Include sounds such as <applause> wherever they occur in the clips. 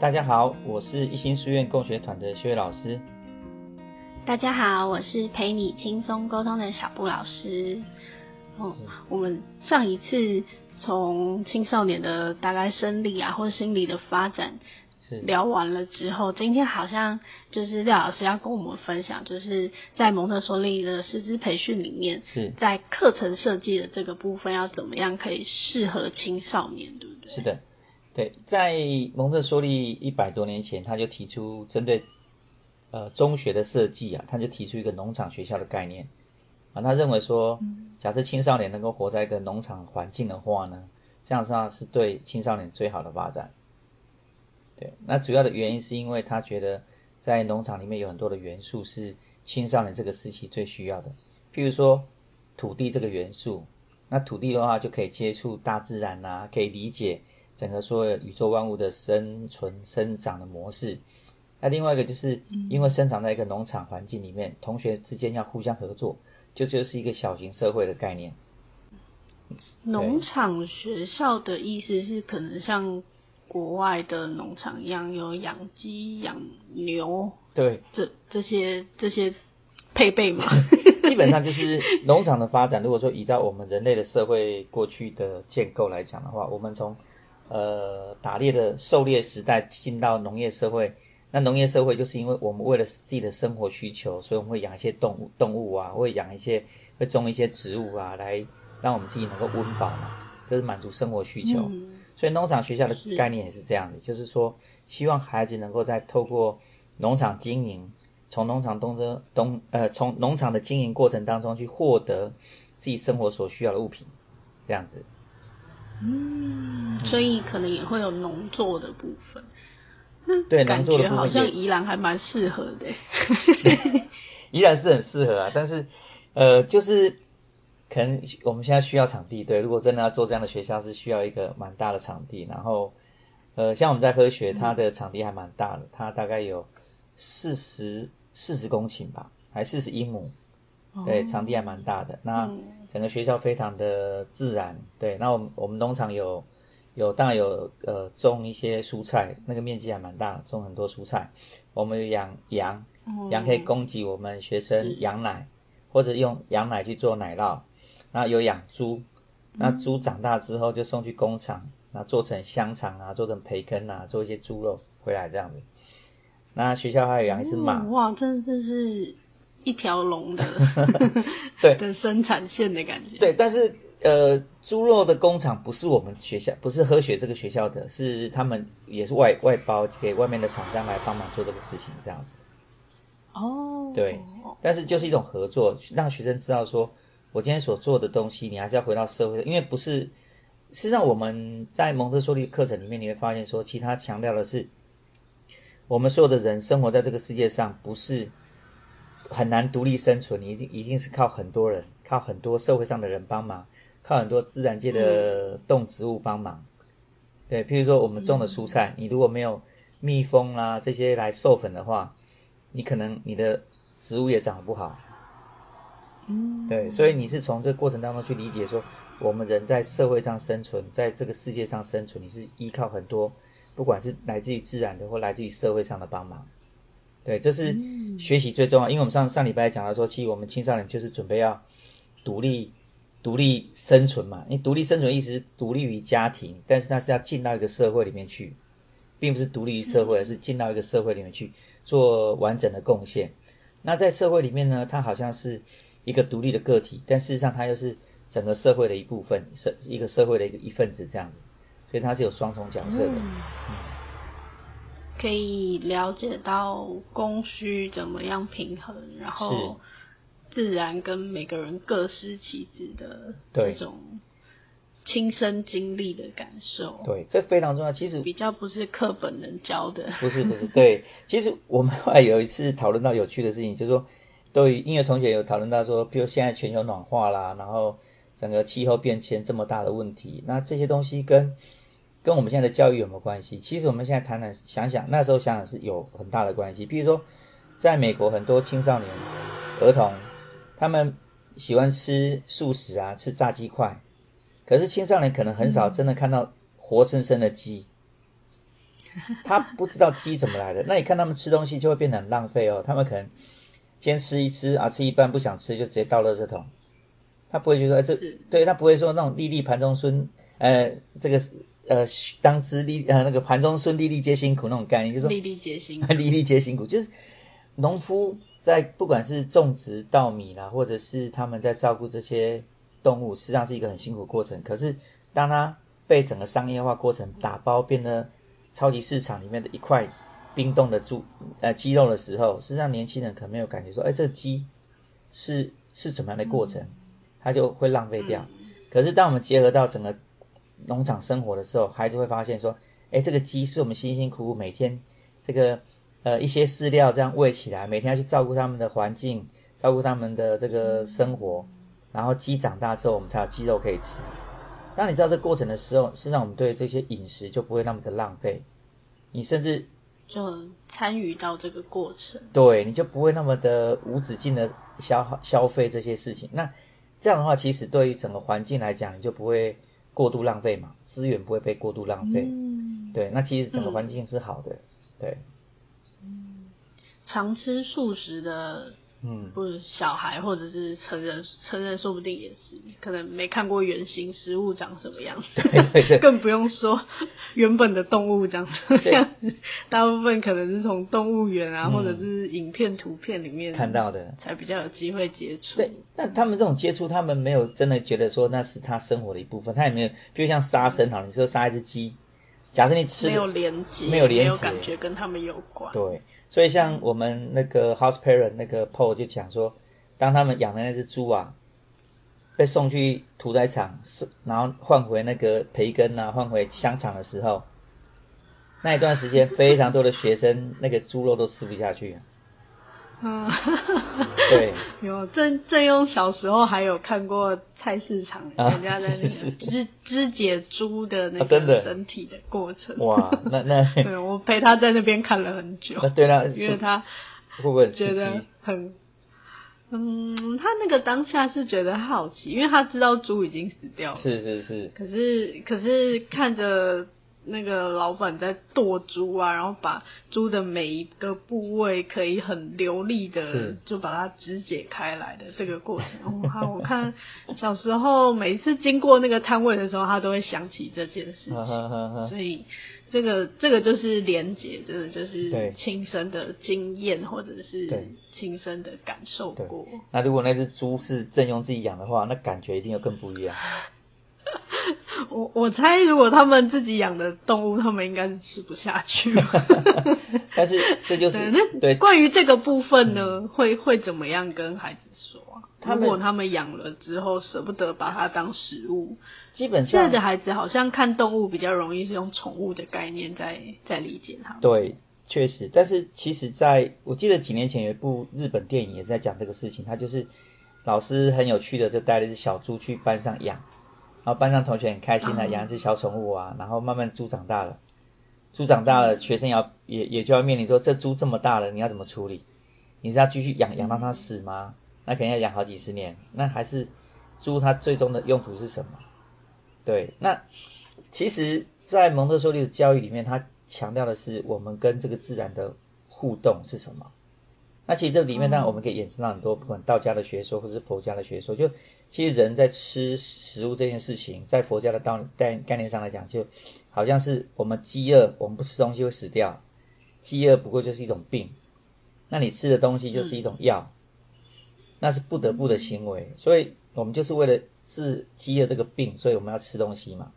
大家好，我是一心書院共學團的薛老師。大家好，我是陪你輕鬆溝通的小布老師。哦，是我們上一次從青少年的大概生理啊或者心理的發展是聊完了之後，是今天好像就是廖老師要跟我們分享，就是在蒙特梭利的師資培訓裡面，是在課程設計的這個部分要怎麼樣可以適合青少年，對不對？是的。對，在蒙特梭利一百多年前，他就提出針對呃中學的設計啊，他就提出一個農場學校的概念啊。他認為說，假設青少年能夠活在一個農場環境的話呢，這樣子是對青少年最好的發展。對，那主要的原因是因為他覺得在農場裡面有很多的元素是青少年這個時期最需要的，譬如說土地這個元素，那土地的話就可以接觸大自然啊，可以理解。整個所謂宇宙萬物的生存生長的模式，那另外一個就是因為生長在一個農場環境裡面，嗯、同學之間要互相合作，就是、就是一個小型社會的概念。農場學校的意思是可能像國外的農場一樣，有養雞、養牛，對，這這些這些配備嘛， <laughs> 基本上就是農場的發展。如果說移到我們人類的社會過去的建構來講的話，我們從呃，打獵的狩獵時代進到農業社會，那農業社會就是因為我們為了自己的生活需求，所以我們會養一些動物，動物啊，會養一些，會種一些植物啊，來讓我們自己能夠溫飽嘛，這是滿足生活需求。嗯，所以農場學校的概念也是這樣的，是，就是說希望孩子能夠在透過農場經營，從農場東征東呃，從農場的經營過程當中去獲得自己生活所需要的物品，這樣子。嗯，所以可能也會有農作的部分。對，感覺好像宜蘭還蠻適合的，的。宜蘭是很適合啊，但是呃，就是可能我們現在需要場地。對，如果真的要做這樣的學校，是需要一個蠻大的場地。然後呃，像我們在科學，它的場地還蠻大的，嗯、它大概有四十四十公頃吧，還四十一畝。對，場地還蠻大的，那整個學校非常的自然，嗯、對，那我們我們農場有有當然有呃種一些蔬菜，那個面積還蠻大，種很多蔬菜，我們有養羊，羊可以供給我們學生羊奶，嗯、或者用羊奶去做奶酪，有養豬嗯、那有養豬，那豬長大之後就送去工廠，那做成香腸啊，做成培根啊，做一些豬肉回來這樣子，那學校還有養一只馬、嗯，哇，真真是。一條龍的， <laughs> 對的生產線的感覺。對，但是呃，豬肉的工廠不是我們學校，不是和學這個學校的是他們也是外外包給外面的廠商來幫忙做這個事情這樣子。哦。Oh. 對，但是就是一種合作，讓學生知道說，我今天所做的東西，你還是要回到社會，因為不是，事實上我們在蒙特梭利課程裡面你會發現說，其他強調的是，我們所有的人生活在這個世界上不是。很難獨立生存，你一定一定是靠很多人，靠很多社會上的人幫忙，靠很多自然界的動植物幫忙。嗯、對，譬如說我們種的蔬菜，嗯、你如果沒有蜜蜂啦、啊、這些來授粉的話，你可能你的植物也長不好。嗯。對，所以你是從這過程當中去理解說，我們人在社會上生存，在這個世界上生存，你是依靠很多，不管是來自於自然的或來自於社會上的幫忙。對，這、就是。嗯學習最重要，因為我們上上禮拜講到說，其實我們青少年就是準備要獨立、獨立生存嘛。因為獨立生存，意思是獨立於家庭，但是他是要進到一個社會裡面去，並不是獨立於社會，嗯、而是進到一個社會裡面去做完整的貢獻。那在社會裡面呢，他好像是一個獨立的個體，但事實上他又是整個社會的一部分，社一個社會的一個一份子這樣子，所以他是有雙重角色的。嗯可以了解到供需怎麼樣平衡，然後自然跟每個人各司其職的這種親身經歷的感受。對，對，這非常重要。其實比較不是課本能教的。不是不是，對，其實我們還有一次討論到有趣的事情，就是說，對於音樂同學有討論到說，比如現在全球暖化啦，然後整個氣候變遷這麼大的問題，那這些東西跟。跟我們現在的教育有沒有關係？其實我們現在談談，想想那時候想想是有很大的關係。比如說，在美國很多青少年、兒童，他們喜歡吃速食啊，吃炸雞塊。可是青少年可能很少真的看到活生生的雞，嗯、他不知道雞怎麼來的。那你看他們吃東西就會變得很浪費哦。他們可能先吃一吃啊，吃一半不想吃就直接倒垃圾桶，他不會覺得、欸、這是對他不會說那種粒粒盤中飧呃，這個。呃，當知呃那個盤中餐粒粒皆辛苦那種概念，就是、說粒粒皆辛苦，粒粒皆辛苦就是農夫在不管是種植稻米啦，或者是他們在照顧這些動物，實際上是一個很辛苦的過程。可是當他被整個商業化過程打包變得超級市場裡面的一塊冰凍的豬呃雞肉的時候，實際上年輕人可能沒有感覺說，哎、欸，這雞、個、是是怎麼樣的過程，他、嗯、就會浪費掉。嗯、可是當我們結合到整個農場生活的時候，孩子會發現說：“哎、欸，這個雞是我們辛辛苦苦每天這個呃一些飼料這樣餵起來，每天要去照顧他們的環境，照顧他們的這個生活，然後雞長大之後，我們才有雞肉可以吃。當你知道這過程的時候，是讓我們對這些飲食就不會那麼的浪費。你甚至就參與到這個過程，對，你就不會那麼的無止境的消耗消費這些事情。那這樣的話，其實對於整個環境來講，你就不會。”過度浪費嘛，資源不會被過度浪費，嗯、對，那其實整個環境是好的，嗯、對。嗯，常吃素食的。嗯，不，小孩或者是成人，成人說不定也是，可能沒看過原型食物長什麼樣子，對對對，更不用說原本的動物長什麼樣子。對，大部分可能是從動物園啊，或者是影片、圖片裡面看到的，才比較有機會接觸。對，那他們這種接觸，他們沒有真的覺得說那是他生活的一部分，他也沒有，比如像殺生好，你說殺一隻雞。假設你吃，沒有連結沒有連結，連結感覺跟他們有關。對，所以像我們那個 house parent 那個 Paul 就講說，當他們養的那只豬啊，被送去屠宰場，然後換回那個培根啊，換回香腸的時候，那一段時間，非常多的學生那個豬肉都吃不下去啊。嗯，對，有正正用小時候還有看過菜市場，啊、人家在那個肢是是肢解豬的那個，真的身體的過程，啊、哇，那那， <laughs> 對，我陪他在那邊看了很久，那對他，因為他會不會覺得很，會會很嗯，他那個當下是覺得很好奇，因為他知道豬已經死掉了，是是是，可是可是看着。那個老闆在剁豬啊，然後把豬的每一個部位可以很流利的就把它肢解開來的這個過程，我看、 <laughs> 哦，我看小時候每次經過那個攤位的時候，他都會想起這件事情，呵呵呵呵，所以這個這個就是連結，真的就是親身的經驗或者是親身的感受過。那如果那隻豬是正用自己養的話，那感覺一定又更不一樣。 <laughs> 我我猜，如果他們自己養的動物，他們應該是吃不下去。 <laughs> 但是這就是、嗯、對、但是關於這個部分呢，嗯、會會怎麼樣跟孩子說啊？他們如果他們養了之後捨不得把它當食物，基本上現在的孩子好像看動物比較容易是用寵物的概念在在理解它。對，確實。但是其實在，在我記得幾年前有一部日本電影也是在講這個事情，他就是老師很有趣的就帶了一隻小豬去班上養。然後班上同學很開心的養一只小寵物啊，然後慢慢豬長大了，豬長大了，學生要也也就要面臨說，這豬這麼大了，你要怎麼處理？你是要繼續養養到它死嗎？那肯定要養好幾十年，那還是豬它最終的用途是什麼？對，那其實，在蒙特梭利的教育裡面，他強調的是我們跟這個自然的互動是什麼？那其實這裡面呢，我們可以延伸到很多不管、嗯、道家的學說，或是佛家的學說。就其實人在吃食物這件事情，在佛家的道概概念上來講，就好像是我們飢餓，我們不吃東西會死掉。飢餓不過就是一種病，那你吃的東西就是一種藥，嗯、那是不得不的行為。嗯、所以我們就是為了治飢餓這個病，所以我們要吃東西嘛。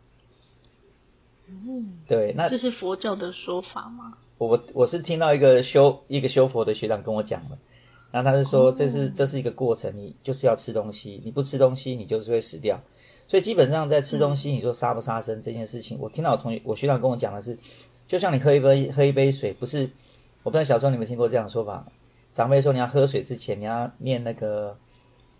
嗯，對，那這是佛教的說法嗎？我我我是聽到一個修一個修佛的學長跟我講的，然後他是說，這是這是一個過程，你就是要吃東西，你不吃東西你就是會死掉。所以基本上在吃東西，你說殺不殺生這件事情，我聽到我同學我學長跟我講的是，就像你喝一杯喝一杯水。不是，我不知道小時候你們有沒有聽過這樣的說法，長輩說你要喝水之前你要念那個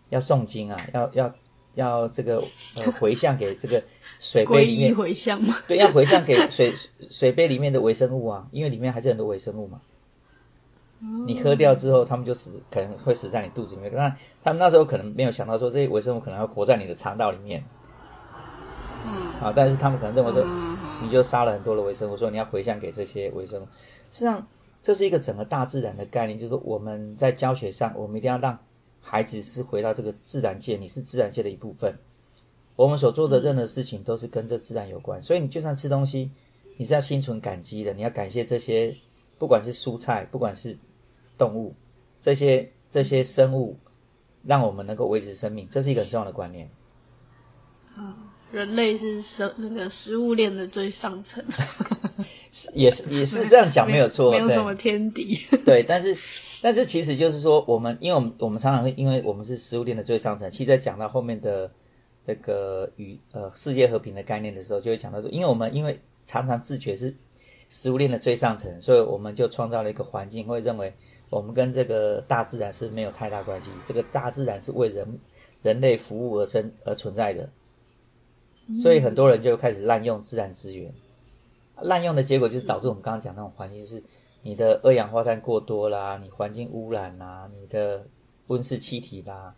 要誦經啊，要要。要這個呃迴向給這個水杯裡面，迴 <laughs> 向嗎？ <laughs> 對，要迴向給水水杯裡面的微生物啊，因為裡面還是很多微生物嘛。你喝掉之後，他們就死，可能會死在你肚子裡面。那他們那時候可能沒有想到說這些微生物可能會活在你的腸道裡面。嗯。啊，但是他們可能認為說、嗯、你就殺了很多的微生物，說你要迴向給這些微生物。實際上這是一個整個大自然的概念，就是我們在教學上，我們一定要讓。孩子是回到這個自然界，你是自然界的一部分。我們所做的任何事情都是跟這自然有關，嗯，所以你就算吃東西，你是要心存感激的，你要感謝這些，不管是蔬菜，不管是動物，這些這些生物，讓我們能夠維持生命，這是一個很重要的觀念。啊，人類是生那個食物鏈的最上層， <laughs> 也是也是這樣講 <laughs> 沒有錯，沒有，沒有什麼天敵。對，但是。但是其實就是說，我們因為我們我們常常會，因為我們是食物鏈的最上層，其實，在講到後面的這個與呃世界和平的概念的時候，就會講到說，因為我們因為常常自覺是食物鏈的最上層，所以我們就創造了一個環境，會認為我們跟這個大自然是沒有太大關係，這個大自然是為人人類服務而生而存在的，所以很多人就開始濫用自然資源，濫用的結果就是導致我們剛剛講的那種環境，就是。你的二氧化碳過多啦，你環境汙染啦，你的溫室氣體啦，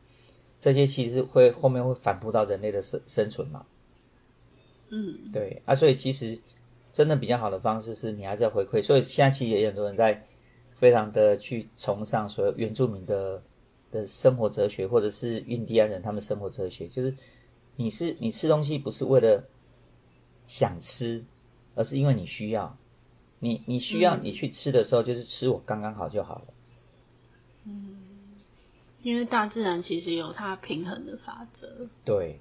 這些其實會後面會反撲到人類的生生存嘛。嗯，對啊，所以其實真的比較好的方式是你還是要回饋。所以現在其實也有很多人在非常的去崇尚所有原住民的的生活哲學，或者是印第安人他們生活哲學，就是你是你吃東西不是為了想吃，而是因為你需要。你你需要你去吃的時候，嗯，就是吃我剛剛好就好了。嗯，因為大自然其實有它平衡的法則。對，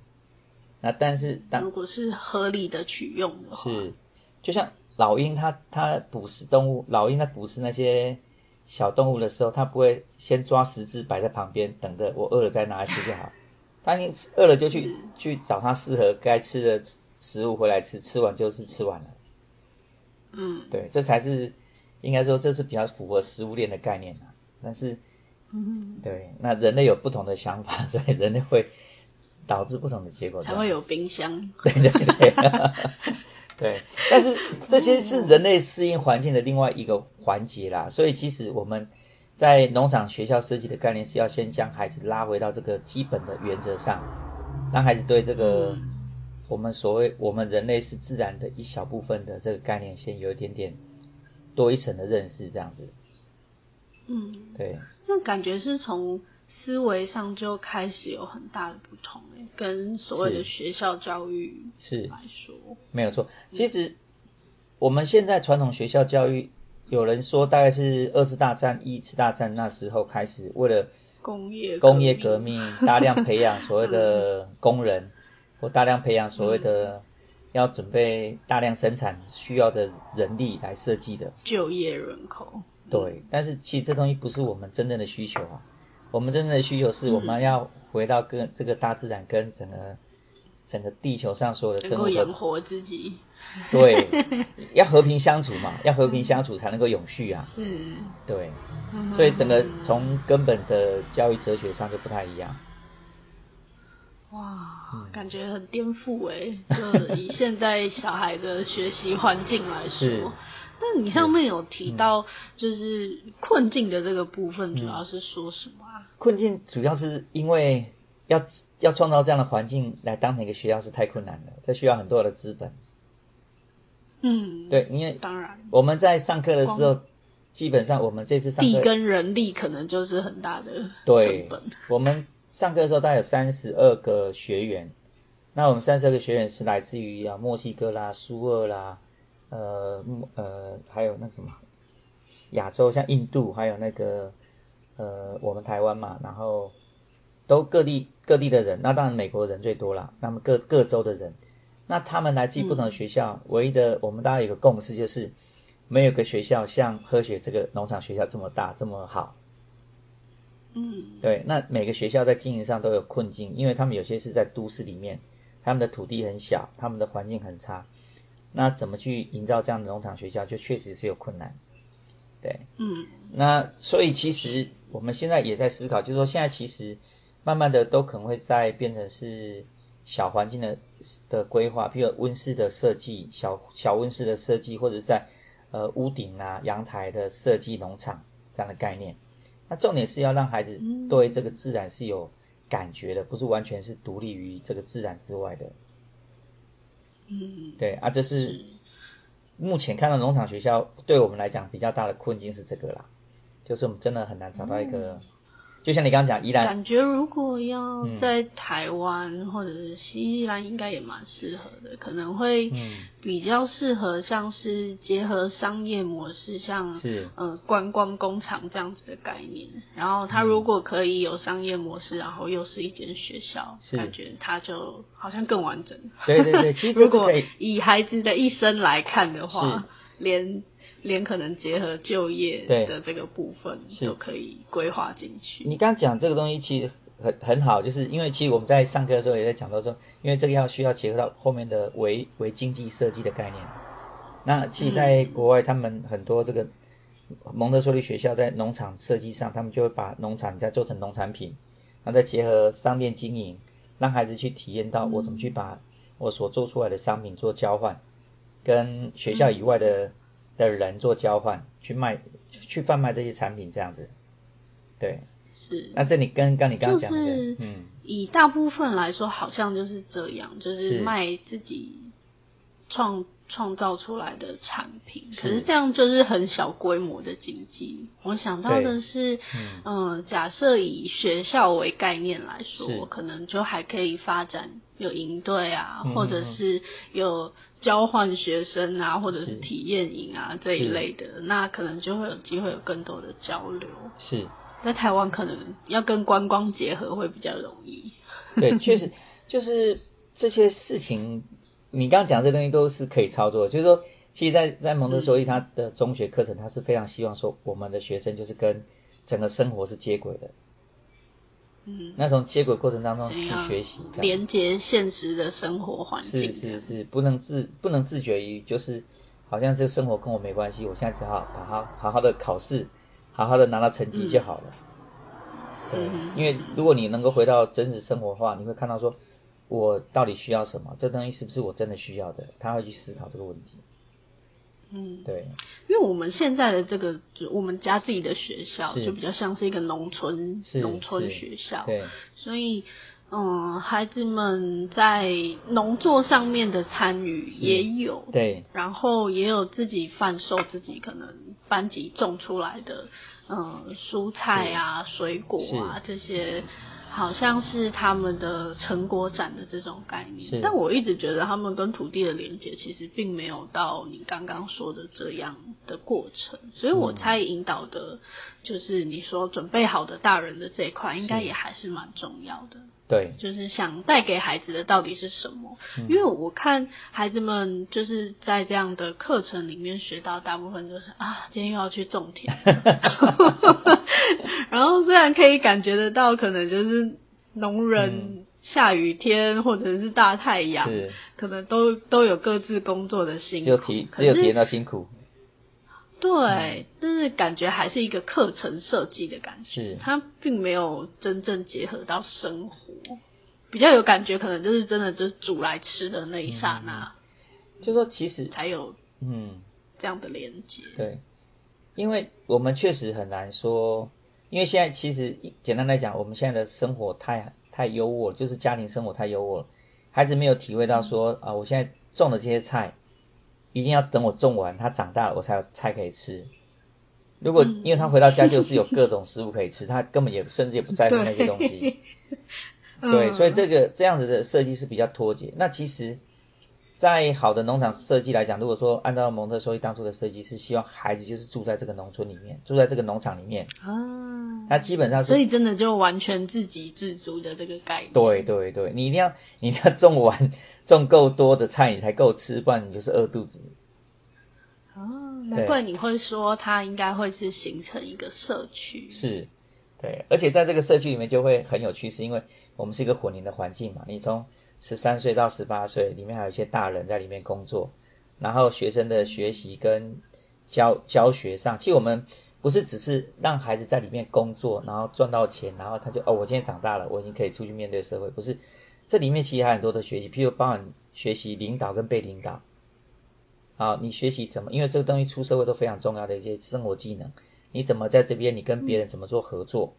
那但是，但如果是合理的取用的話，是就像老鷹它它捕食動物，老鷹在捕食那些小動物的時候，它不會先抓十隻擺在旁邊，等着我餓了再拿去吃就好。當 <laughs> 你餓了就去是去找它適合該吃的食物回來吃，吃完就是吃完了。嗯，對，這才是應該說這是比較符合食物鏈的概念啦。但是，嗯，對，那人類有不同的想法，所以人類會導致不同的結果。還會有冰箱。對，對對對。 <laughs> <laughs> 對，但是這些是人類適應環境的另外一個環節啦。所以，其實我們在農場學校設計的概念是要先將孩子拉回到這個基本的原則上，讓孩子對這個。嗯我們所謂我們人類是自然的一小部分的這個概念，先有一點點多一層的認識這樣子。嗯，對。那感覺是從思維上就開始有很大的不同誒，跟所謂的學校教育是來說是沒有錯。嗯，其實我們現在傳統學校教育，有人說大概是二次大戰、一次大戰那時候開始，為了工業工業革命大量培養所謂的工人。 <laughs> 嗯我大量培養所謂的要準備大量生產需要的人力來設計的就業人口。對，但是其實這東西不是我們真正的需求啊。我們真正的需求是我們要回到跟這個大自然跟整個整個地球上所有的生物都能夠養活自己。對，要和平相處嘛，要和平相處才能夠永續啊。嗯，對。所以，整個從根本的教育哲學上就不太一樣。哇，感覺很顛覆哎！就以現在小孩的學習環境來說， <laughs> 是但你上面有提到，就是困境的這個部分，主要是說什麼啊？困境主要是因為要要創造這樣的環境來當成一個學校是太困難了，這需要很多的資本。嗯，對，因為當然我們在上課的時候，光基本上我們這次上課地跟人力可能就是很大的成本。對我們。上課的時候大概有三十二個學員，那我們三十二個學員是來自於啊墨西哥啦、蘇俄啦、呃呃還有那個什麼亞洲像印度，還有那個呃我們台灣嘛，然後都各地各地的人，那當然美國的人最多啦，那麼各各州的人，那他們來自於不同的學校，嗯、唯一的我們大家有個共識就是沒有一個學校像科學這個農場學校這麼大這麼好。嗯，對，那每個學校在經營上都有困境，因為他們有些是在都市裡面，他們的土地很小，他們的環境很差，那怎麼去營造這樣的農場學校，就確實是有困難。對，嗯，那所以其實我們現在也在思考，就是說現在其實慢慢的都可能會再變成是小環境的的規劃，比如溫室的設計，小小溫室的設計，或者是在呃屋頂啊、陽台的設計農場這樣的概念。那重點是要讓孩子對這個自然是有感覺的，不是完全是獨立於這個自然之外的。嗯，對啊，這是目前看到農場學校對我們來講比較大的困境是這個啦，就是我們真的很難找到一個。就像你剛剛講，宜蘭感覺，如果要在台灣或者是西蘭，應該也蠻適合的。可能會比較適合像是結合商業模式，像是呃觀光工廠這樣子的概念。然後它如果可以有商業模式，嗯、然後又是一間學校，是感覺它就好像更完整。對對對，其實如果以孩子的一生來看的話，是連。連可能結合就業的這個部分都可以規劃進去。你剛講這個東西其實很很好，就是因為其實我們在上課的時候也在講到說，因為這個要需要結合到後面的微微經濟設計的概念。那其實在國外，嗯、他們很多這個蒙特梭利學校在農場設計上，他們就會把農場再做成農產品，然後再結合商店經營，讓孩子去體驗到我怎麼去把我所做出來的商品做交換，跟學校以外的、嗯。的人做交換，去賣、去販賣這些產品，這樣子，對。是。那這裡跟剛你剛剛講的，嗯，以大部分來說好像就是這樣，就是賣自己創創是造出來的產品，可是這樣就是很小規模的經濟。是我想到的是，嗯對、呃，假設以學校為概念來說，是我可能就還可以發展。有營隊啊，或者是有交換學生啊，或者是體驗營啊是這一類的，那可能就會有機會有更多的交流。是。在台灣可能要跟觀光結合會比較容易。對，確實就是這些事情， <laughs> 你剛剛講這東西都是可以操作的。就是說，其實在，在在蒙特梭利他的中學課程，嗯、他是非常希望說，我們的學生就是跟整個生活是接軌的。嗯，那從接軌過程當中去學習，連接現實的生活環境。是是是，不能自不能自覺於，就是好像這生活跟我沒關係，我現在只好把它好好的考試，好好的拿到成績就好了。嗯、對，因為如果你能夠回到真實生活的話，你會看到說，我到底需要什麼？這東西是不是我真的需要的？他會去思考這個問題。嗯，對，因為我們現在的這個，我們家自己的學校，就比較像是一個農村是農村學校，對，所以嗯，孩子們在農作上面的參與也有，對，然後也有自己販售自己可能班級種出來的嗯蔬菜啊、是水果啊是這些。好像是他們的成果展的這種概念，是但我一直覺得他們跟土地的連接其實並沒有到你剛剛說的這樣的過程，所以我猜引導的，就是你說準備好的大人的這一塊，應該也還是蠻重要的。對，就是想帶給孩子的到底是什麼？因為我看孩子們就是在這樣的課程裡面學到大部分就是啊，今天又要去種田， <laughs> <laughs> 然後雖然可以感覺得到，可能就是農人下雨天或者是大太陽，可能都是都有各自工作的辛苦，只有體，是只有體驗到辛苦。對，嗯、但是感覺還是一個課程設計的感覺，是它並沒有真正結合到生活，比較有感覺，可能就是真的就是煮來吃的那一剎那，嗯、就說其實才有嗯這樣的連接，嗯。對，因為我們確實很難說，因為現在其實簡單來講，我們現在的生活太太優渥了，就是家庭生活太優渥了，孩子沒有體會到說、嗯、啊，我現在種的這些菜。一定要等我種完，它長大了我才有菜可以吃。如果因為他回到家就是有各種食物可以吃，他根本也甚至也不在乎那些東西。對，對，所以這個這樣子的設計是比較脫節。那其實。在好的農場設計來講，如果說按照蒙特梭利當初的設計，是希望孩子就是住在這個農村裡面，住在這個農場裡面。啊，那基本上是。所以真的就完全自給自足的這個概念。對對對，你一定要，你一定要種完，種夠多的菜，你才夠吃，不然你就是餓肚子。哦、啊，難怪你會說它應該會是形成一個社區。是，對，而且在這個社區裡面就會很有趣，是因為我們是一個混齡的環境嘛，你從。十三歲到十八歲，裡面還有一些大人在裡面工作，然後學生的學習跟教教學上，其實我們不是只是讓孩子在裡面工作，然後賺到錢，然後他就哦，我現在長大了，我已經可以出去面對社會，不是這裡面其實還有很多的學習，譬如包含學習領導跟被領導，好、啊，你學習怎麼，因為這個東西出社會都非常重要的一些生活技能，你怎麼在這邊你跟別人怎麼做合作，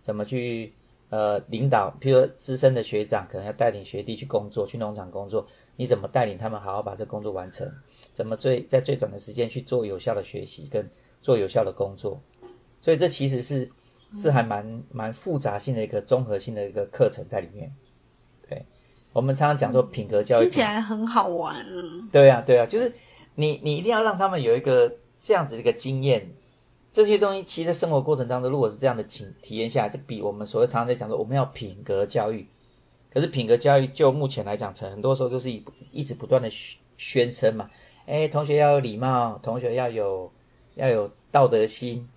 怎麼去。呃，領導，譬如資深的學長，可能要帶領學弟去工作，去農場工作，你怎麼帶領他們好好把這工作完成？怎麼最在最短的時間去做有效的學習跟做有效的工作？所以這其實是是還蠻蠻複雜性的一個綜合性的一個課程在裡面。對，我們常常講說品格教育品，聽起來很好玩。對啊，對啊，就是你你一定要讓他們有一個這樣子的一個經驗。這些東西其實在生活過程當中，如果是這樣的情體驗下來，是比我們所謂常常在講的，我們要品格教育。可是品格教育就目前來講，成很多時候就是一一直不斷的宣宣稱嘛，哎、欸，同學要有禮貌，同學要有要有道德心。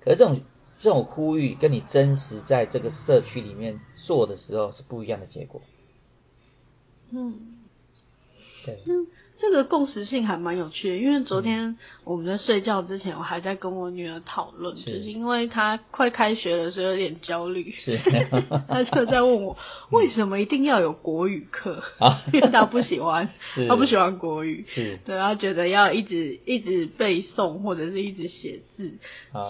可是這種這種呼籲，跟你真實在這個社區裡面做的時候是不一樣的結果。嗯，對。這個共時性還蠻有趣的，因為昨天我們在睡覺之前，我還在跟我女兒討論，就是因為她快開學的時候有點焦慮。是，她就在問我，為什麼一定要有國語課？啊，因為她不喜歡，她不喜歡國語，是，對，她覺得要一直一直背誦或者是一直寫字，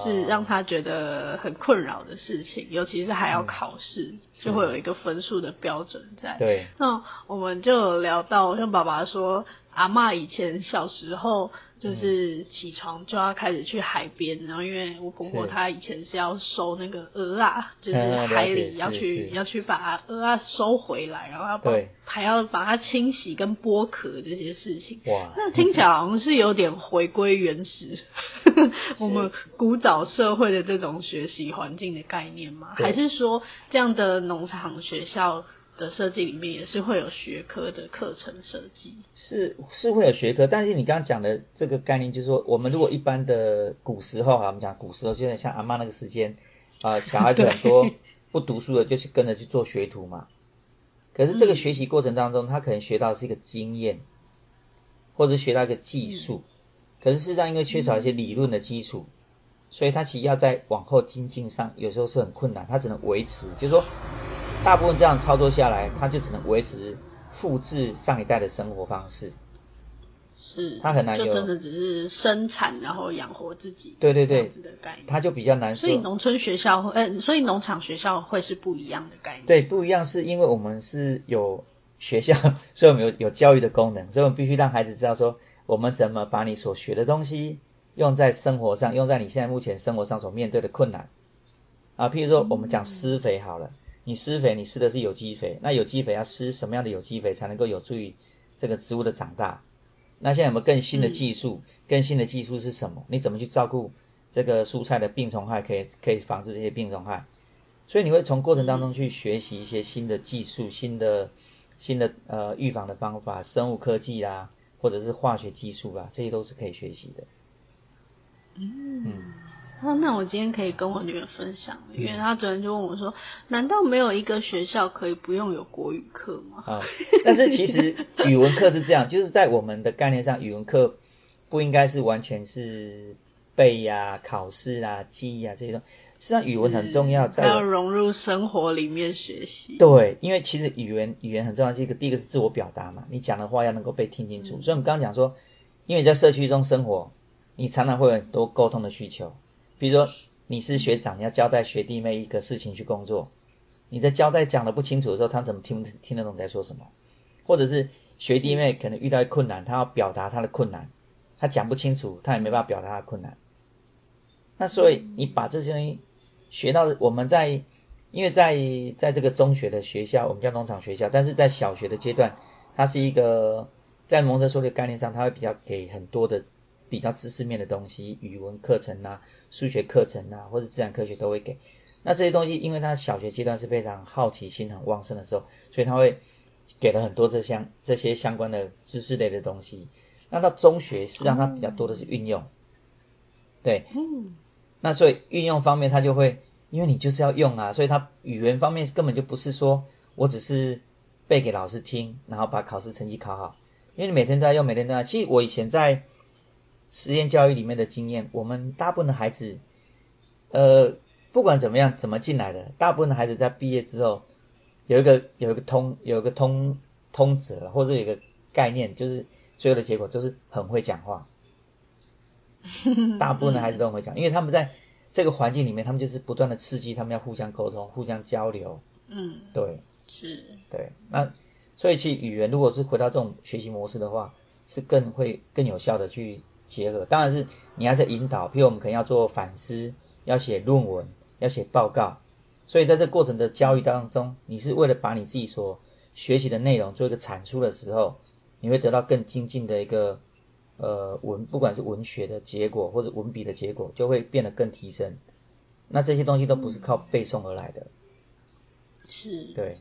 是讓她覺得很困擾的事情，尤其是還要考試，就會有一個分數的標準在。對，那我們就聊到，像爸爸說。阿嬤以前小時候就是起床就要開始去海邊，嗯、然後因為我婆婆她以前是要收那個蚵仔，是就是海裡要去，嗯、要去把蚵仔收回來，然後要把對還要把它清洗跟剝殼這些事情。哇，那聽起來好像是有點回歸原始，我們古早社會的這種學習環境的概念嗎？對還是說這樣的農場學校？的設計裡面也是會有學科的課程設計，是，是會有學科，但是你剛剛講的這個概念就是說，我們如果一般的古時候哈、嗯，我們講古時候，就像像阿媽那個時間啊、呃，小孩子很多不讀書的，就是跟着去做學徒嘛。嗯、可是這個學習過程當中，他可能學到的是一個經驗，或者學到一個技術，嗯、可是事實上因為缺少一些理論的基礎，嗯、所以他其實要在往後精進上有時候是很困難，他只能維持，就是說。大部分這樣操作下來，他就只能維持複製上一代的生活方式。是，他很難有真的只是生產，然後養活自己。對對對，他就比較難。所以農村學校會，嗯、呃，所以農場學校會是不一樣的概念。對，不一樣是因為我們是有學校，所以我們有有教育的功能，所以我們必須讓孩子知道說，我們怎麼把你所學的東西用在生活上，用在你現在目前生活上所面對的困難啊。譬如說，我們講施肥好了。嗯你施肥，你施的是有機肥，那有機肥要施什麼樣的有機肥才能夠有助於這個植物的長大？那現在有沒有更新的技術？嗯、更新的技術是什麼？你怎麼去照顧這個蔬菜的病蟲害？可以可以防治這些病蟲害？所以你會從過程當中去學習一些新的技術、嗯、新的新的呃預防的方法，生物科技啊，或者是化學技術吧，這些都是可以學習的。嗯。那那我今天可以跟我女兒分享，因為她昨天就問我說：“難道沒有一個學校可以不用有國語課嗎？”啊、嗯！但是其實語文課是這樣，就是在我們的概念上，語文課不應該是完全是背呀、啊、考試啊、記憶啊這些東西。實際上，語文很重要在，在要融入生活裡面學習。對，因為其實語文語言很重要，是一個第一個是自我表達嘛，你講的話要能夠被聽清楚。嗯、所以我們剛剛講說，因為在社區中生活，你常常會有很多溝通的需求。比如說你是學長，你要交代學弟妹一個事情去工作，你在交代講的不清楚的時候，他怎麼聽不聽得懂你在說什麼？或者是學弟妹可能遇到一個困難，他要表達他的困難，他講不清楚，他也沒辦法表達他的困難。那所以你把這些東西學到，我們在因為在在這個中學的學校，我們叫農場學校，但是在小學的階段，它是一個在蒙特梭利概念上，它會比較給很多的。比較知識面的東西，語文課程吶、啊、數學課程吶、啊，或者自然科學都會給。那這些東西，因為他小學階段是非常好奇心很旺盛的時候，所以他會給了很多這項這些相關的知識類的東西。那到中學實際上他比較多的是運用，對，嗯，那所以運用方面他就會，因為你就是要用啊，所以他語言方面根本就不是說我只是背給老師聽，然後把考試成績考好，因為你每天都在用，每天都在。其實我以前在。實驗教育裡面的經驗，我們大部分的孩子，呃，不管怎麼樣，怎麼進來的，大部分的孩子在畢業之後，有一個有一個通有一個通通則，或者有一個概念，就是所有的結果就是很會講話。大部分的孩子都很會講， <laughs> 因為他們在這個環境裡面，他們就是不斷的刺激，他們要互相溝通，互相交流。嗯， <laughs> 對，是，對，那所以其實語言，如果是回到這種學習模式的話，是更會更有效的去。結合當然是你還是要引導，譬如我們可能要做反思、要寫論文、要寫報告，所以在這過程的教育當中，你是為了把你自己所學習的內容做一個產出的時候，你會得到更精進的一個呃文，不管是文學的結果或者文筆的結果，就會變得更提升。那這些東西都不是靠背誦而來的，嗯、對是，對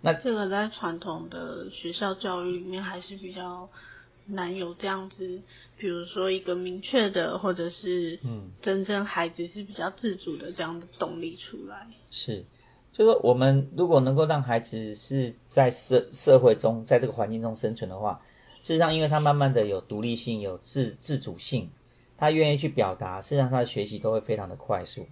那。那這個在傳統的學校教育裡面還是比較。男友這樣子，比如說一個明確的，或者是嗯，真正孩子是比較自主的這樣的動力出來，嗯、是，就是我們如果能夠讓孩子是在社社會中，在這個環境中生存的話，事實上，因為他慢慢的有獨立性，有自自主性，他願意去表達，事實上他的學習都會非常的快速。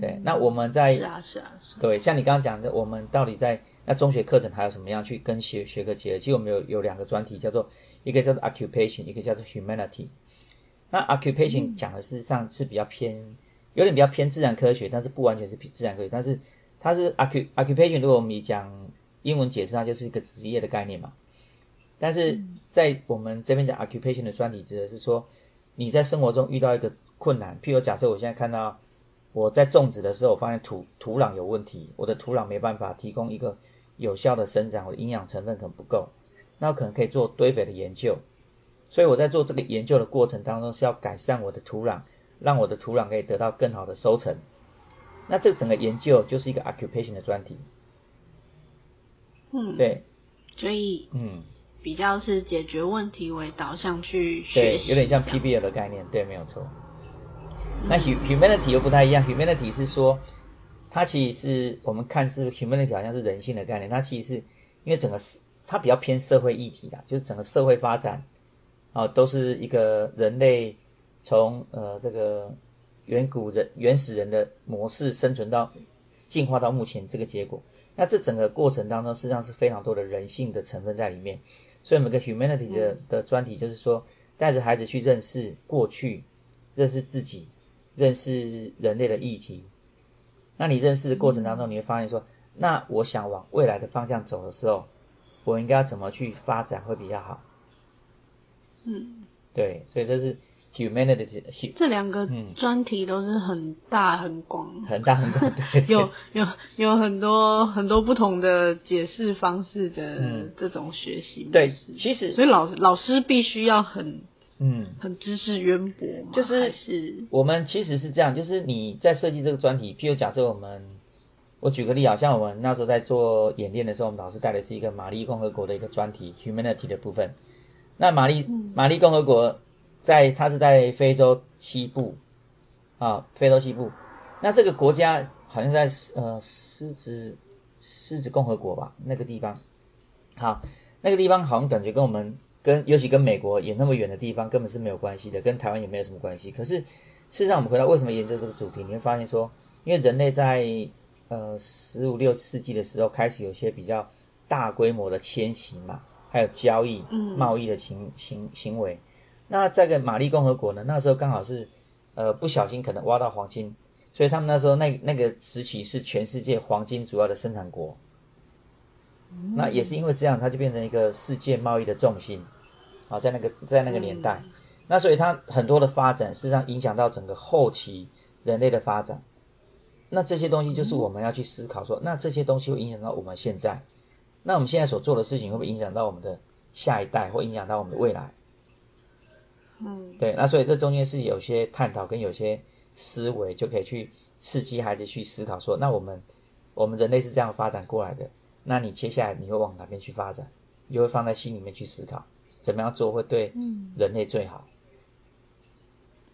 對，那我們在是啊、嗯、是啊，是啊是啊對，像你剛剛講的，我們到底在那中學課程還有什麼樣去跟學學科結合？其實我們有有兩個專題，叫做一個叫做 occupation，一個叫做 humanity。那 occupation 講的事實上是比較偏、嗯、有點比較偏自然科學，但是不完全是自然科學，但是它是 occupation。如果我們講英文解釋，它就是一個職業的概念嘛。但是在我們這邊講 occupation 的專題，指的是說你在生活中遇到一個困難，譬如假設我現在看到。我在種植的時候，我發現土土壤有問題，我的土壤沒辦法提供一個有效的生長，我的營養成分可能不夠，那我可能可以做堆肥的研究。所以我在做這個研究的過程當中，是要改善我的土壤，讓我的土壤可以得到更好的收成。那這整個研究就是一個 occupation 的專題，嗯，對，所以嗯，比較是解決問題為導向去學習，對，有點像 PBL 的概念，對，沒有錯。那 hu humanity 又不太一樣，humanity 是說，它其實是我們看是，是 humanity 好像是人性的概念，它其實是因為整個社，它比較偏社會議題啦，就是整個社會發展，啊，都是一個人類從呃這個遠古人原始人的模式生存到進化到目前這個結果，那這整個過程當中實際上是非常多的人性的成分在裡面，所以每個 humanity 的的專題就是說，帶着孩子去認識過去，認識自己。認識人類的議題，那你認識的過程當中，嗯、你會發現說，那我想往未來的方向走的時候，我應該要怎麼去發展會比較好？嗯，對，所以這是 humanity 這兩個專題都是很大很廣，嗯、很大很廣，對對對有有有很多很多不同的解釋方式的這種學習、嗯、對其實，所以老老師必須要很。嗯，很知識淵博嘛，就是，是我們其實是這樣，就是你在設計這個專題，譬如假設我們，我舉個例，好像我們那時候在做演練的時候，我們老師帶的是一個馬利共和國的一個專題、嗯、，humanity 的部分。那馬利馬利共和國在它是在非洲西部啊、哦，非洲西部。那這個國家好像在呃獅子獅子共和國吧，那個地方。好，那個地方好像感覺跟我們。跟尤其跟美國也那麼遠的地方根本是沒有關係的，跟台灣也沒有什麼關係。可是事實上，我們回到為什麼研究這個主題，你會發現說，因為人類在呃十五六世紀的時候開始有些比較大規模的遷徙嘛，還有交易、嗯，貿易的行行行為。嗯、那這個馬利共和國呢，那時候剛好是呃不小心可能挖到黃金，所以他們那時候那那個時期是全世界黃金主要的生產國。嗯、那也是因為這樣，它就變成一個世界貿易的重心。好，在那個在那個年代，的那所以它很多的發展，實際上影響到整個後期人類的發展。那這些東西就是我們要去思考說，嗯、那這些東西會影響到我們現在，那我們現在所做的事情會不會影響到我們的下一代，或影響到我們的未來？嗯，對，那所以這中間是有些探討跟有些思維，就可以去刺激孩子去思考說，那我們我們人類是這樣發展過來的，那你接下來你會往哪邊去發展？你會放在心裡面去思考。怎麼樣做會對人類最好？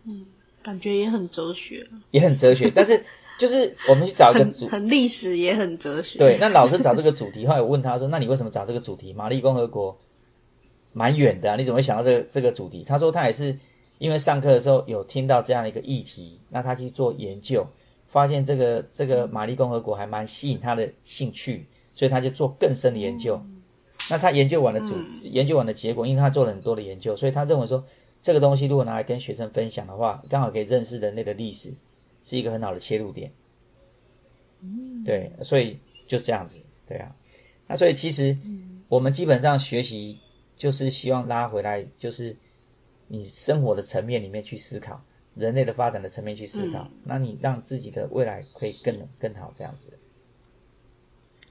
嗯，感覺也很哲學。也很哲學，但是就是我們去找一個主， <laughs> 很，很歷史也很哲學。對，那老師找這個主題話， <laughs> 後來我問他說：“那你為什麼找這個主題？馬利共和國，蠻遠的啊，你怎麼會想到這個這個主題？”他說他也是因為上課的時候有聽到這樣的一個議題，那他去做研究，發現這個這個馬利共和國還蠻吸引他的興趣，所以他就做更深的研究。嗯。那他研究完了主，嗯、研究完了結果，因為他做了很多的研究，所以他認為說這個東西如果拿來跟學生分享的話，剛好可以認識人類的歷史，是一個很好的切入點。嗯。對，所以就這樣子，對啊。那所以其實我們基本上學習就是希望拉回來，就是你生活的層面裡面去思考，人類的發展的層面去思考，嗯、那你讓自己的未來可以更更好這樣子。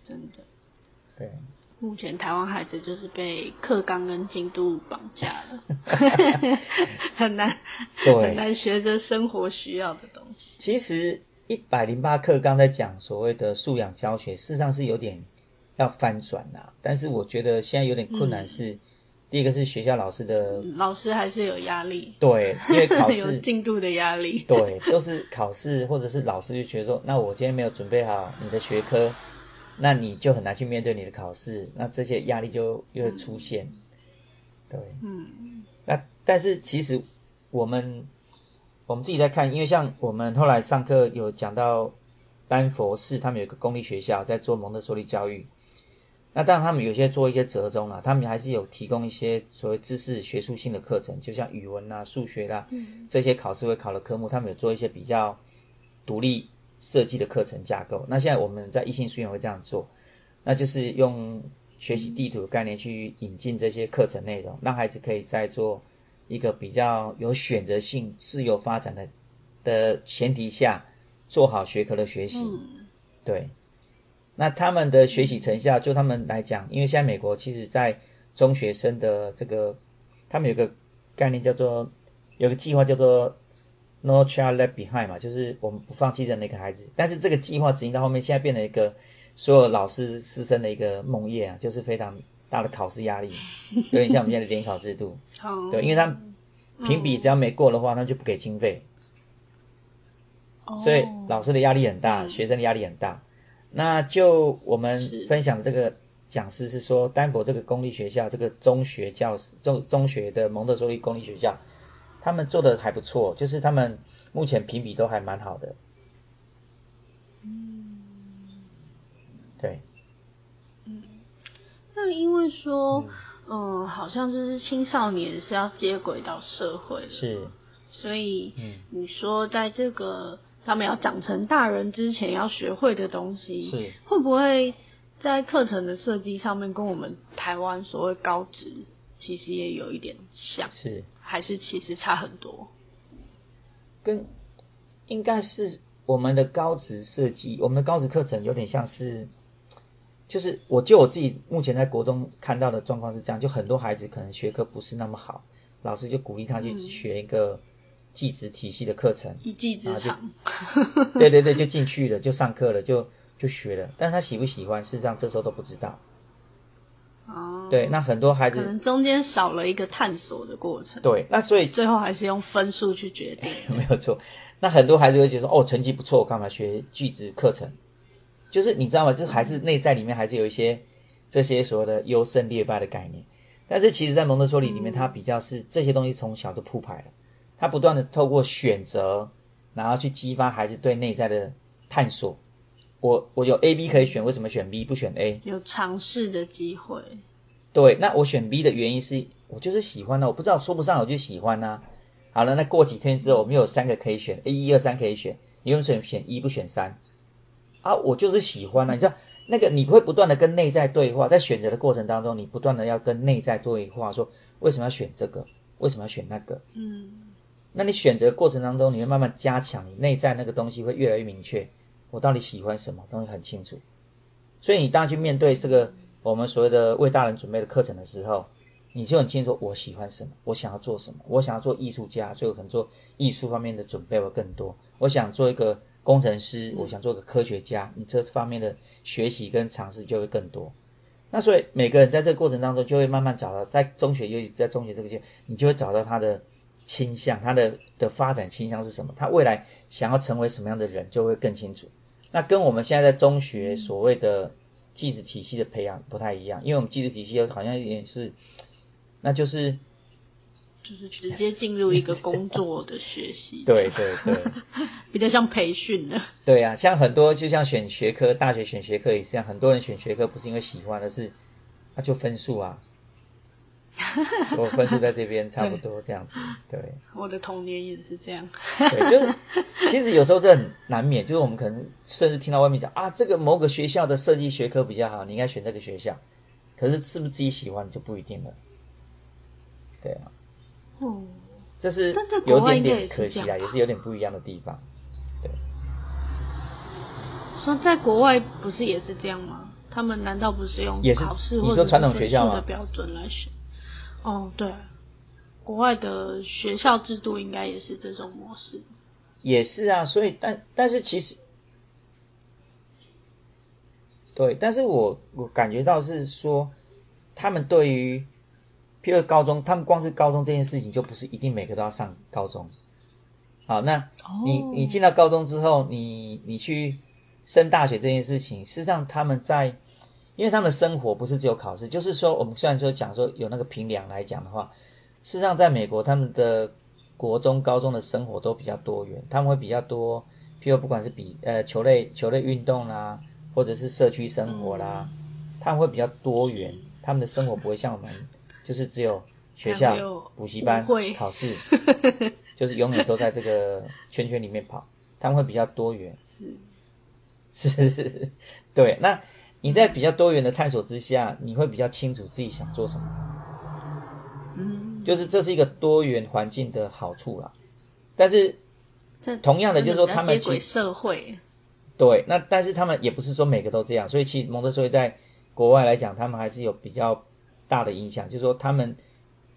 真的。對。目前台灣孩子就是被課綱跟進度綁架了， <laughs> 很難對很難學着生活需要的東西。其實一百零八課綱在講所謂的素養教學，事實上是有點要翻轉啦。但是我覺得現在有點困難是，嗯、第一個是學校老師的、嗯、老師還是有壓力，對，因為考試有進度的壓力，對，都是考試或者是老師就覺得說，那我今天沒有準備好你的學科。那你就很難去面對你的考試，那這些壓力就又會出現，嗯、對，嗯嗯。那但是其實我們我們自己在看，因為像我們後來上課有講到丹佛市，他們有一個公立學校在做蒙特梭利教育，那當然他們有些做一些折中啦，他們還是有提供一些所謂知識學術性的課程，就像語文啊、數學啦、啊，嗯、這些考試會考的科目，他們有做一些比較獨立。設計的課程架構。那現在我們在異信書院會這樣做，那就是用學習地圖的概念去引進這些課程內容，讓孩子可以在做一個比較有選擇性、自由發展的的前提下，做好學科的學習。嗯、對，那他們的學習成效，就他們來講，因為現在美國其實，在中學生的這個，他們有個概念叫做，有個計劃叫做。No child left behind 嘛，就是我們不放棄任何一個孩子。但是這個計劃執行到後面，現在變成一個所有老師師生的一個夢魘啊，就是非常大的考試壓力， <laughs> 有點像我們現在的聯考制度。 <laughs> 對，因為他評比只要沒過的話， <laughs> 他就不給經費。所以老師的壓力很大，oh, 學生的壓力很大。嗯、那就我們分享的這個講師是說，丹佛是這個公立學校，這個中學教師中中學的蒙特梭利公立學校。他們做得還不錯，就是他們目前評比都還蠻好的。嗯，對。那因為說，嗯，嗯，好像就是青少年是要接軌到社會，是，所以，嗯，你說在這個、嗯、他們要長成大人之前，要學會的東西，是會不會在課程的設計上面跟我們台灣所謂高職其實也有一點像？是。還是其實差很多？跟應該是我們的高職設計，我們的高職課程有點像是，就是我就我自己目前在國中看到的狀況是這樣，就很多孩子可能學科不是那麼好，老師就鼓勵他去學一個技職體系的課程，一技啊，就、技技之長 <laughs> 對對對，就進去了，就上課了，就就學了，但是他喜不喜歡，事實上這時候都不知道。哦，對，那很多孩子可能中間少了一個探索的過程。對，那所以最後還是用分數去決定，沒有錯。那很多孩子會覺得：「哦，成績不錯，我幹嘛學句子課程？就是你知道嗎？嗯、就是還是內在裡面還是有一些這些所謂的優勝劣敗的概念。但是其實，在蒙特梭利裡面，他、嗯、比較是這些東西從小都鋪排了，他不斷的透過選擇，然後去激發孩子對內在的探索。我我有 A B 可以選，為什麼選 B 不選 A？有嘗試的機會。對，那我選 B 的原因是，我就是喜歡呢、啊，我不知道說不上，我就喜歡呢、啊。好了，那過幾天之後，我們有三個可以選，A 一二三可以選，你為什麼選選一、e、不選三啊？我就是喜歡呢、啊，你知道那個你會不斷的跟內在對話，在選擇的過程當中，你不斷的要跟內在對話，說為什麼要選這個，為什麼要選那個？嗯，那你選擇過程當中，你會慢慢加強你內在那個東西會越來越明確。我到底喜歡什麼東西很清楚，所以你當然去面對這個我們所謂的為大人準備的課程的時候，你就很清楚我喜歡什麼，我想要做什麼，我想要做藝術家，所以我可能做藝術方面的準備會更多。我想做一個工程師，我想做一個科學家，你這方面的學習跟嘗試就會更多。那所以每個人在這個過程當中，就會慢慢找到在中學尤其在中學這個階段，你就會找到他的傾向，他的的發展傾向是什麼，他未來想要成為什麼樣的人，就會更清楚。那跟我們現在在中學所謂的技職體系的培養不太一樣，因為我們技職體系好像也、就是，那就是，就是直接進入一個工作的學習， <laughs> 對對對， <laughs> 比較像培訓的。對啊，像很多就像選學科，大學選學科也是一樣，很多人選學科不是因為喜歡，而是那、啊、就分數啊。我分析在這邊差不多這樣子，對。對我的童年也是這樣。對，就是其實有時候這很難免，就是我們可能甚至聽到外面講啊，這個某個學校的設計學科比較好，你應該選這個學校。可是是不是自己喜歡就不一定了？對啊。哦、嗯。這是有點點可惜啊，也是有點不一樣的地方。對。說在國外不是也是這樣嗎？他們難道不是用也是。你說傳統學校的標準來選？哦，對，國外的學校制度應該也是這種模式。也是啊，所以但但是其實，對，但是我我感覺到是說，他們對於，比如高中，他們光是高中這件事情就不是一定每個都要上高中。好，那你、哦、你進到高中之後，你你去升大學這件事情，事實上他們在。因為他們的生活不是只有考試，就是說，我們雖然說講說有那個評量來講的話，事實上，在美國，他們的國中、高中的生活都比較多元。他們會比較多，譬如不管是比呃球類、球類運動啦，或者是社區生活啦，他們會比較多元。他們的生活不會像我們，就是只有學校、補習班、考試， <laughs> 就是永遠都在這個圈圈裡面跑。他們會比較多元，是是是是，對，那。你在比較多元的探索之下，你會比較清楚自己想做什麼。嗯，就是這是一個多元環境的好處啦。但是，但同樣的，就是說他們社會，對，那但是他們也不是說每個都這樣，所以其實蒙特梭利在國外來講，他們還是有比較大的影響，就是說他們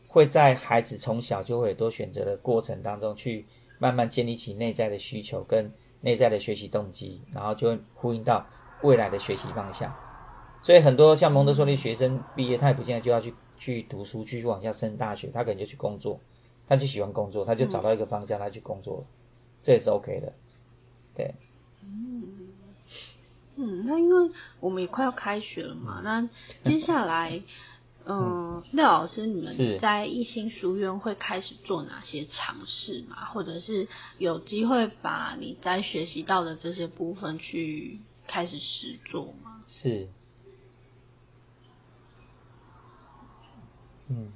會在孩子從小就會有多選擇的過程當中，去慢慢建立起內在的需求跟內在的學習動機，然後就會呼應到，未來的學習方向，所以很多像蒙特梭利學生畢業，他也不見得就要去去讀書，繼續往下升大學，他可能就去工作，他就喜歡工作，他就找到一個方向，他去工作，嗯、這也是 OK 的，對。嗯嗯，那因為我們也快要開學了嘛，嗯、那接下來， <laughs> 呃、嗯，廖老師，你們在一心書院會開始做哪些嘗試嘛？是或者是有機會把你在學習到的這些部分去？開始試做嗎？是，嗯，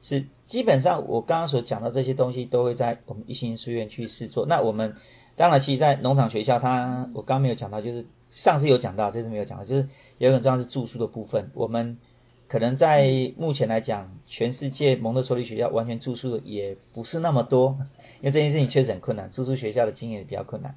是基本上我剛剛所講的這些東西都會在我們一心書院去試做。那我們當然，其實，在農場學校它，他我剛剛沒有講到，就是上次有講到，這次沒有講到，就是也有很重要的是住宿的部分。我們可能在目前來講，全世界蒙特梭利學校完全住宿的也不是那麼多，因為這件事情確實很困難，住宿學校的經驗是比較困難。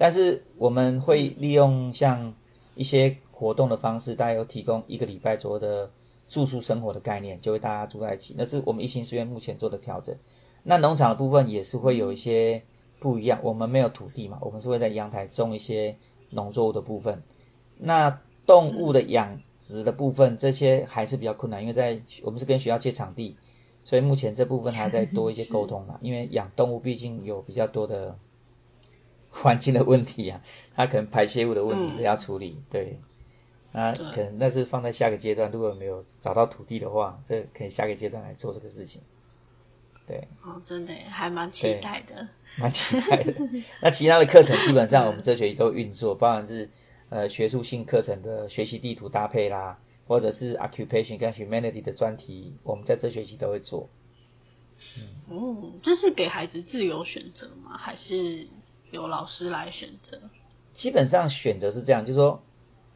但是我們會利用像一些活動的方式，大家有提供一個禮拜左右的住宿生活的概念，就會大家住在一起。那是我們一心書院目前做的調整。那農場的部分也是會有一些不一樣，我們沒有土地嘛，我們是會在陽台種一些農作物的部分。那動物的養殖的部分，這些還是比較困難，因為在我們是跟學校借場地，所以目前這部分還在多一些溝通嘛，因為養動物畢竟有比較多的。環境的問題啊，它、啊、可能排泄物的問題要處理，嗯、對，啊，對可能那是放在下個階段。如果沒有找到土地的話，這可以下個階段來做這個事情，對。哦，真的還蠻期待的。蠻期待的。 <laughs> 那其他的課程基本上我們這學期都運作，包含是呃學術性課程的學習地圖搭配啦，或者是 occupation 跟 humanity 的專題，我們在這學期都會做。嗯，這是給孩子自由選擇嗎？還是？由老師來選擇。基本上選擇是這樣，就是說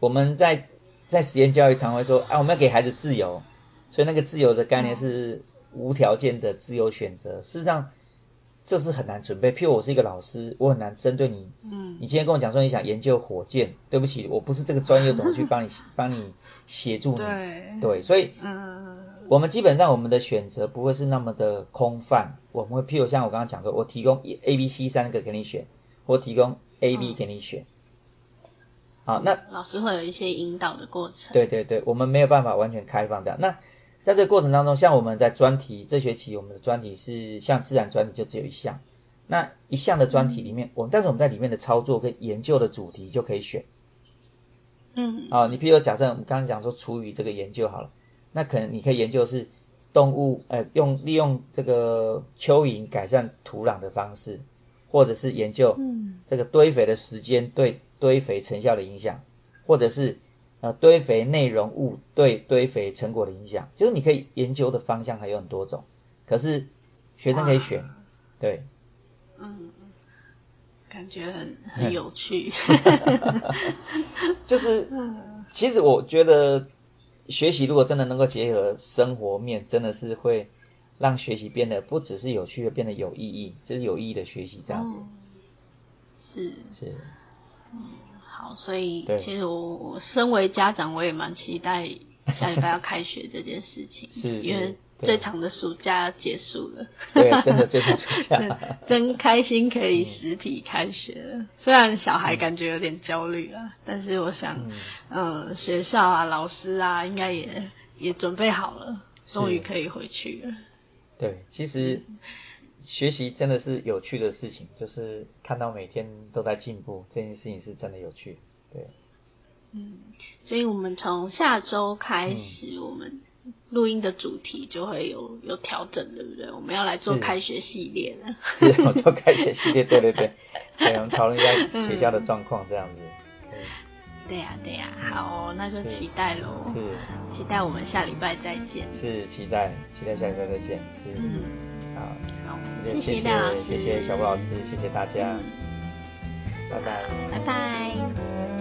我們在在實驗教育常，常會說，哎、啊，我們要給孩子自由，所以那個自由的概念是無條件的自由選擇。嗯、事實上，這是很難準備。譬如我是一個老師，我很難針對你，嗯，你今天跟我講說你想研究火箭，對不起，我不是這個專業， <laughs> 怎麼去幫你幫你協助你？對，對，所以，嗯，我們基本上我們的選擇不會是那麼的空泛，我們會譬如像我剛剛講說，我提供 A、B、C 三個給你選。我提供 A、哦、B 給你選，好，那老師會有一些引導的過程。對對對，我們沒有辦法完全開放掉。那在這個過程當中，像我們在專題這學期，我們的專題是像自然專題就只有一項，那一項的專題裡面，嗯、我們但是我們在裡面的操作跟研究的主題就可以選。嗯。啊，你比如假設我們剛剛講說廚餘這個研究好了，那可能你可以研究的是動物，呃，用利用這個蚯蚓改善土壤的方式。或者是研究這個堆肥的時間對堆肥成效的影響，嗯、或者是呃堆肥內容物對堆肥成果的影響，就是你可以研究的方向還有很多種。可是學生可以選，哇對，嗯，感覺很很有趣， <laughs> <laughs> 就是其實我覺得學習如果真的能夠結合生活面，真的是會。讓學習變得不只是有趣，而變得有意義，這是有意義的學習。這樣子。是、哦。是。是嗯，好，所以對其實我我身為家長，我也蠻期待下禮拜要開學這件事情， <laughs> 是，是，因為最長的暑假要結束了。對，真的最長暑假。 <laughs> 真開心可以實體開學了，嗯、雖然小孩感覺有點焦慮了、啊，嗯、但是我想，嗯，嗯，學校啊、老師啊，應該也也準備好了，終於可以回去了。對，其實學習真的是有趣的事情，就是看到每天都在進步，這件事情是真的有趣。對，嗯，所以我們從下周開始，我們錄音的主題就會有、嗯、有調整，對不對？我們要來做開學系列了。是，是要做開學系列，對對對，對，我們討論一下學校的狀況，嗯、這樣子。對呀、啊，對呀、啊，好、哦，那就期待嘍。是，期待我們下禮拜再見。是，期待，期待下禮拜再見。是，嗯，好，好，那就謝謝，謝謝小布老師，謝謝大家，嗯、拜拜。拜拜。拜拜。